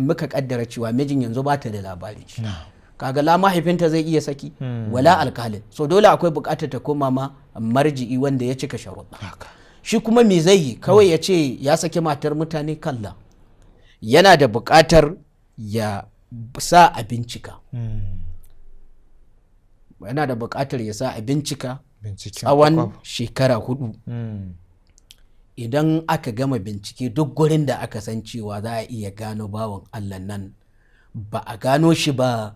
muka kaddara cewa mijin yanzu ba ta da labari kaga la mahaifinta zai iya saki hmm. wala alkalin so dole akwai bukatar ta koma ma marji'i wanda ya cika sharuɗa shi kuma me zai yi kawai hmm. ya ce ya saki matar mutane kalla yana da bukatar ya sa a bincika hmm. yana da bukatar ya sa a bincika tsawon shekara hudu idan aka gama bincike duk gurin da aka san cewa za a iya gano bawan allah nan ba a gano shi ba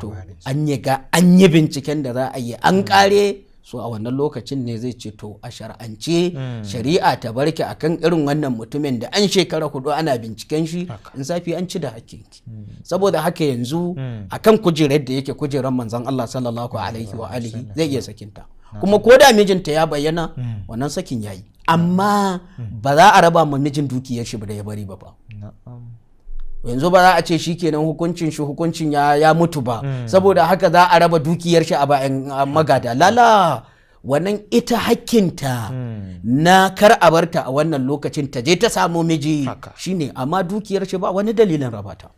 to an yi binciken da za a yi an kare mm. so a wannan lokacin ne zai ce to a shar'ance mm. shari'a ta barke akan irin wannan mutumin da an shekara hudu ana binciken shi in safi an ci da hakiki mm. saboda haka yanzu akan kujerar da yake kujerar manzon Allah sallallahu alaihi wa alihi zai iya sakinta kuma ko da mijinta ya bayyana wannan sakin yayi amma hmm. ba za a raba ma mijin dukiyar shi da ya bari ba ba yanzu ba za a ce shi kenan hukuncin shi hukuncin ya mutu ba hmm. saboda haka za a raba dukiyar shi a bayan magada lala wannan ita hakkinta hmm. na kar a barta a wannan lokacin ta je ta samu miji shine amma dukiyar shi ba wani dalilin rabata.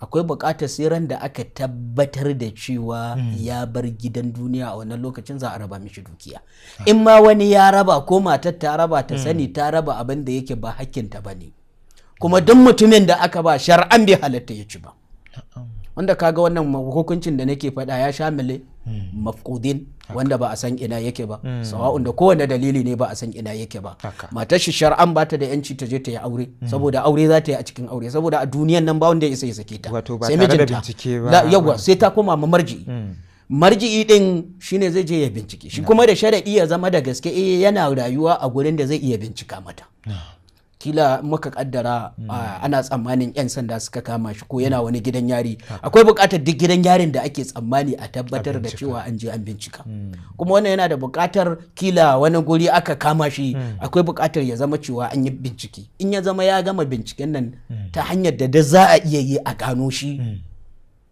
akwai bukatar siran da aka tabbatar da cewa hmm. ya bar gidan duniya a wannan lokacin za a raba mishi dukiya ah. in ma wani ya raba ko matar ta raba ta hmm. sani ta raba abin da yake ba hakkinta ba ne kuma duk mutumin da aka ba shar'an bai halatta ya ci ba wanda kaga wannan hukuncin da nake faɗa ya shamile hmm. mafkudin wanda ba a san ina yake ba hmm. sawa'un da kowane dalili ne ba a san ina yake ba matar shi shar'an ba ta da yanci ta je ta yi aure hmm. saboda aure za ta yi a cikin aure saboda a duniyan nan ba wanda ya isa ya sake ta sai mijinta yawa sai ta koma ma marji'i marji'i din shine zai je ya bincike shi kuma da sharadi ya zama da gaske eh, yana rayuwa a gurin da zai iya bincika mata kila muka kaddara hmm. ah, ana tsammanin 'yan sanda suka kama shi ko yana hmm. wani gidan yari akwai bukatar duk gidan yarin da ake tsammani a tabbatar da cewa an je an bincika hmm. kuma wannan yana da bukatar kila wani guri aka kama shi akwai bukatar ya zama cewa an yi bincike in ya zama ya gama binciken nan ta hanyar da da za a iya yi a gano shi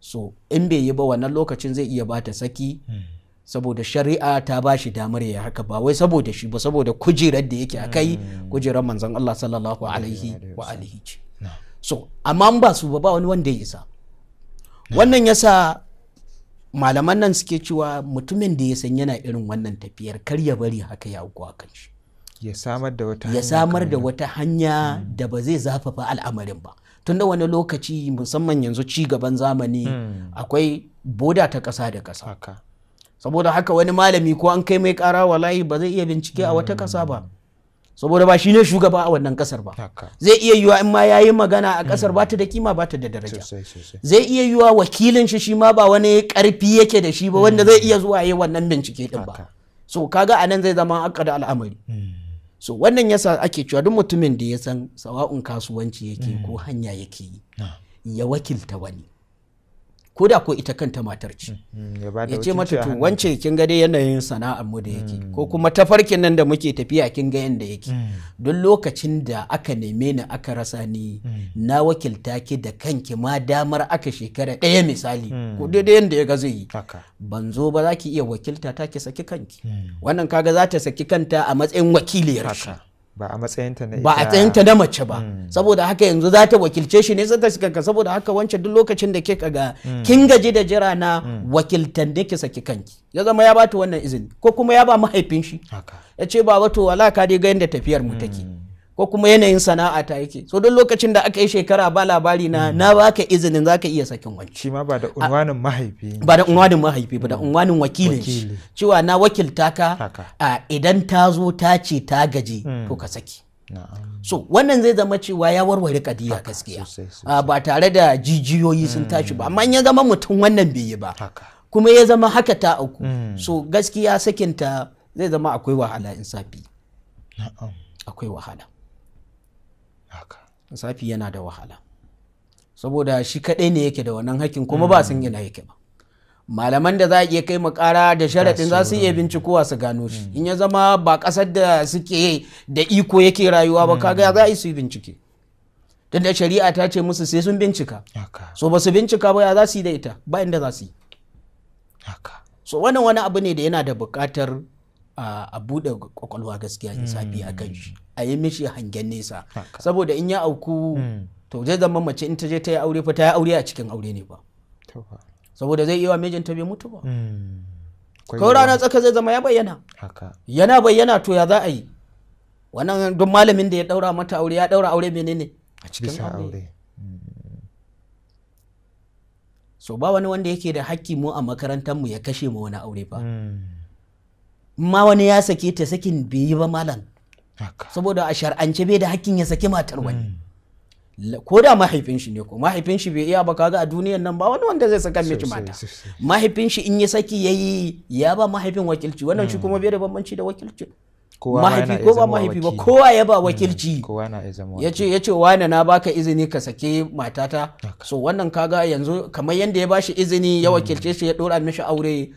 so in bai yi ba wannan lokacin zai iya bata saki saboda shari'a ta ba shi damar ya haka ba wai saboda shi ba saboda kujerar da yake akai hmm. kujerar manzon Allah sallallahu alaihi wa alihi so amma ba su ba wani wanda ya sa wannan yasa malaman nan suke cewa mutumin da ya san yana irin wannan tafiyar kar ya bari haka ya auku kan shi ya samar da wata ya samar da wata hanya hmm. da ba zai zafafa al'amarin ba tunda wani lokaci musamman yanzu ci gaban zamani hmm. akwai boda ta ƙasa da ƙasa saboda haka wani malami ko an kai mai kara wallahi ba zai iya bincike a wata kasa ba saboda ba shi ne shugaba a wannan kasar ba zai iya yiwa in ma ya yi magana a kasar ba ta da kima ba ta da daraja zai iya yiwa wakilin shi shi ma ba wani karfi yake da shi ba wanda zai iya zuwa yi wannan bincike din ba so kaga nan zai zama da al'amari hmm. so wannan yasa ake cewa duk mutumin da ya san sawa'un kasuwanci yake hmm. ko hanya yake yi ya wakilta wani ko da ko ita kanta matar ce hmm, hmm, ya ce mata to wance kin ga dai yanayin sana'ar mu da yake hmm. ko kuma tafarkin nan da muke tafiya kin ga yanda yake don lokacin da aka neme ni aka rasa ni na wakilta ki da kanki ma damar aka shekara ɗaya misali ko dai daidai yanda ya ga zai yi ban zo ba za ki iya wakilta ta ki saki kanki wannan kaga za ta saki kanta a matsayin wakiliyar shi ba a matsayinta na ba a tsayinta da mace ba mm. saboda haka yanzu za ta wakilce shi ne sai ta shiga saboda haka wancan duk lokacin da kika ga mm. kin gaji da jira na mm. wakiltan da ki saki kanki ya zama ya bata wannan izini ko kuma ya ba mahaifin shi ya ce ba wato wala ka dai ga yanda tafiyar mu take ko kuma yanayin sana'a ta yake so don lokacin da aka yi shekara ba labari na hmm. na baka izinin zaka iya sakin wani shi ma ba da unwanin mahaifi ba da unwanin mahaifi ba da unwanin wakilin shi cewa na wakilta ka a idan ta zo ta ce ta gaji hmm. to ka saki so wannan zai zama cewa ya warware kadiya gaskiya ba tare da jijiyoyi sun hmm. tashi ba amma ya zama mutum wannan bai yi ba kuma ya zama haka ta uku. so gaskiya sakinta zai zama akwai wahala insafi akwai wahala safi yana da wahala saboda shi kaɗai ne yake da wannan hakkin kuma ba mm. sun ina yake ba malaman da za a iya kai makara da sharaɗin za su iya bincikowa su gano shi mm. in ya zama ba ƙasar da suke da iko yake rayuwa ba mm. kaga za a yi su yi bincike tunda shari'a ta ce musu sai sun bincika so ba su bincika ba ya za su yi da ita ba inda za su yi so wannan wani abu ne da yana da buƙatar a buɗe kwakwalwa gaskiya lissafi a kan shi mm. a yi mishi hangen nesa saboda in ya auku mm. to zai zama mace in ta je ta yi aure fa ta yi aure a cikin aure ne ba saboda zai iya mijinta bai mutu ba mm. ko rana tsaka zai zama ya bayyana yana bayyana to ya za a yi wannan don malamin da ya daura mata aure ya daura aure menene a cikin aure so ba wani wanda yake da hakki mu a makarantar mu ya kashe mu wani aure fa ma wani ya sake ta sakin bai yi ba malam saboda a shar'ance bai da hakkin ya sake matar wani hmm. ko da mahaifin shi ne ko mahaifin shi bai iya ba kaga a duniyan nan ba wani wanda zai saka miki mata mahaifin shi in ya saki yayi ya ba mahaifin wakilci wannan shi hmm. kuma bai da bambanci da wakilci mahaifi ko ba mahaifi ba kowa ya ba hmm. wakilci yace ce wani na baka izini ka sake matata so wannan kaga yanzu kamar yanda ya bashi izini ya wakilce shi ya dora mishi aure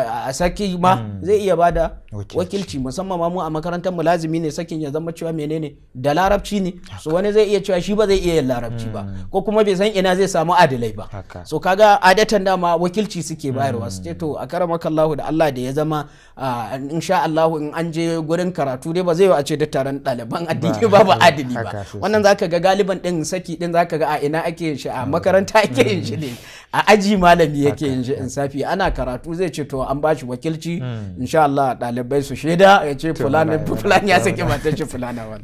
a saki ma mm. zai iya bada wakilci musamman ma mu a makarantar mu lazimi ne sakin ya zama cewa menene da larabci ne so wani zai iya cewa shi ba zai iya yin larabci ba hmm. ko kuma bai san ina zai samu adalai ba so kaga adatan dama wakilci suke bayarwa su ce to a karamaka Allah da Allah da ya zama insha Allah in an je gurin karatu dai ba zai a ce da taron ɗaliban addini ba ba adali ba wannan zaka ga galiban din saki din zaka ga a ina ake yin shi a makaranta ake yin shi ne a aji malami yake yin shi in insafi ana karatu zai ce to an bashi wakilci hmm. insha Allah bai su shaida ya ce fulani ya saki matar shi fulana wani